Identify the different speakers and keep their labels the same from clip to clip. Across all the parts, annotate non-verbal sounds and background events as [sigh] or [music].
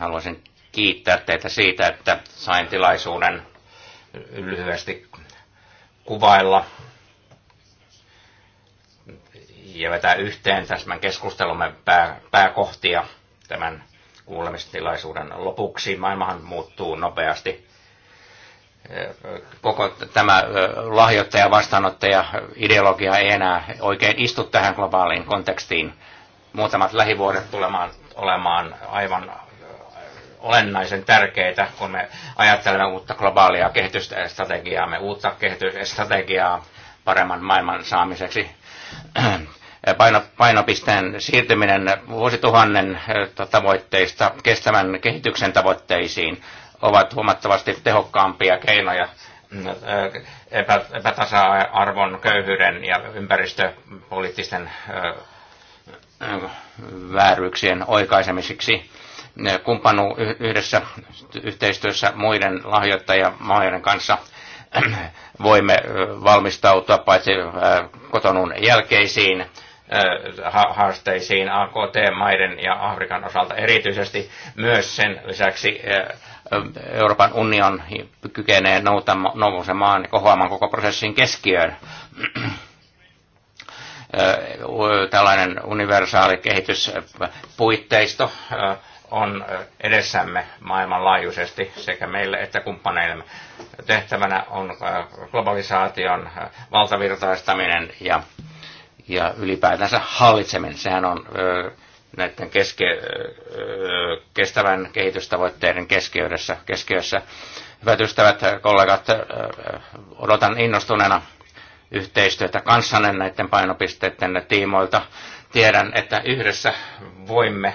Speaker 1: haluaisin kiittää teitä siitä, että sain tilaisuuden lyhyesti kuvailla ja vetää yhteen tämän keskustelumme pää, pääkohtia tämän kuulemistilaisuuden lopuksi. Maailmahan muuttuu nopeasti. Koko tämä lahjoittaja vastaanottaja ideologia ei enää oikein istu tähän globaaliin kontekstiin. Muutamat lähivuodet tulemaan olemaan aivan olennaisen tärkeitä, kun me ajattelemme uutta globaalia kehitysstrategiaa, me uutta kehitysstrategiaa paremman maailman saamiseksi. [clears throat] Paino, painopisteen siirtyminen vuosituhannen eh, tavoitteista kestävän kehityksen tavoitteisiin ovat huomattavasti tehokkaampia keinoja mm, eh, epätasa-arvon, köyhyyden ja ympäristöpoliittisten eh, vääryyksien oikaisemiseksi kumppanu yhdessä yhteistyössä muiden lahjoittajamaiden kanssa [clears throat] voimme valmistautua paitsi kotonun jälkeisiin haasteisiin AKT-maiden ja Afrikan osalta erityisesti myös sen lisäksi Euroopan union kykenee nousemaan ja kohoamaan koko prosessin keskiöön. [clears throat] Tällainen universaali kehityspuitteisto on edessämme maailmanlaajuisesti sekä meille että kumppaneillemme. Tehtävänä on globalisaation valtavirtaistaminen ja, ja ylipäätänsä hallitseminen. Sehän on näiden keske, kestävän kehitystavoitteiden keskiössä. keskiössä. Hyvät ystävät, kollegat, odotan innostuneena yhteistyötä kanssanne näiden painopisteiden tiimoilta. Tiedän, että yhdessä voimme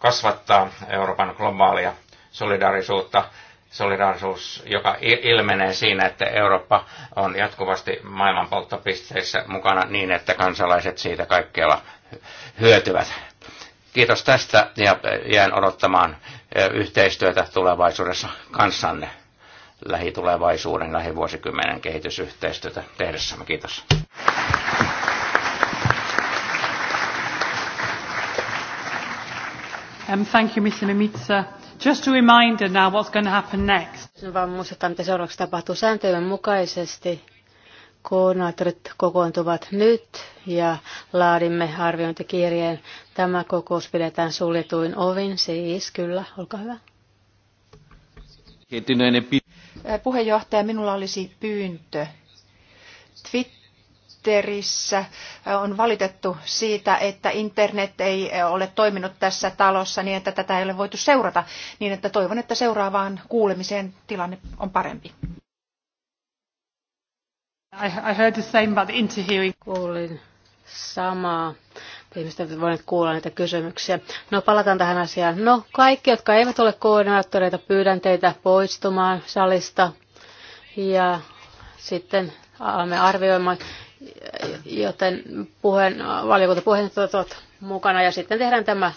Speaker 1: kasvattaa Euroopan globaalia solidaarisuutta. Solidaarisuus, joka ilmenee siinä, että Eurooppa on jatkuvasti maailman polttopisteissä mukana niin, että kansalaiset siitä kaikkialla hyötyvät. Kiitos tästä ja jään odottamaan yhteistyötä tulevaisuudessa kanssanne lähitulevaisuuden, lähivuosikymmenen kehitysyhteistyötä tehdessämme. Kiitos.
Speaker 2: Um, thank you, Mr. Mimitsa. Just a reminder now what's going to happen next. Vaan muistetaan, mitä seuraavaksi tapahtuu sääntöjen mukaisesti. Koordinaattorit kokoontuvat nyt ja laadimme arviointikirjeen. Tämä kokous pidetään suljetuin ovin, siis kyllä, olkaa hyvä. Puheenjohtaja, minulla olisi pyyntö. Twitter Twitterissä on valitettu siitä, että internet ei ole toiminut tässä talossa niin, että tätä ei ole voitu seurata, niin että toivon, että seuraavaan kuulemiseen tilanne on parempi. I, heard the same about interviewing. Kuulin samaa. Ihmiset voineet kuulla niitä kysymyksiä. No palataan tähän asiaan. No kaikki, jotka eivät ole koordinaattoreita, pyydän teitä poistumaan salista. Ja sitten alamme arvioimaan joten puheen, valiokunta puheenjohtajat ovat mukana ja sitten tehdään tämä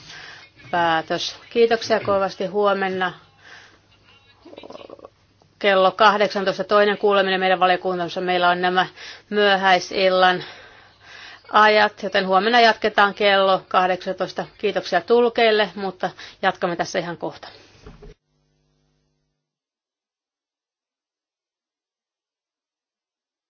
Speaker 2: päätös. Kiitoksia kovasti huomenna kello 18 toinen kuuleminen meidän valiokunnassa. Meillä on nämä myöhäisillan ajat, joten huomenna jatketaan kello 18. Kiitoksia tulkeille, mutta jatkamme tässä ihan kohta.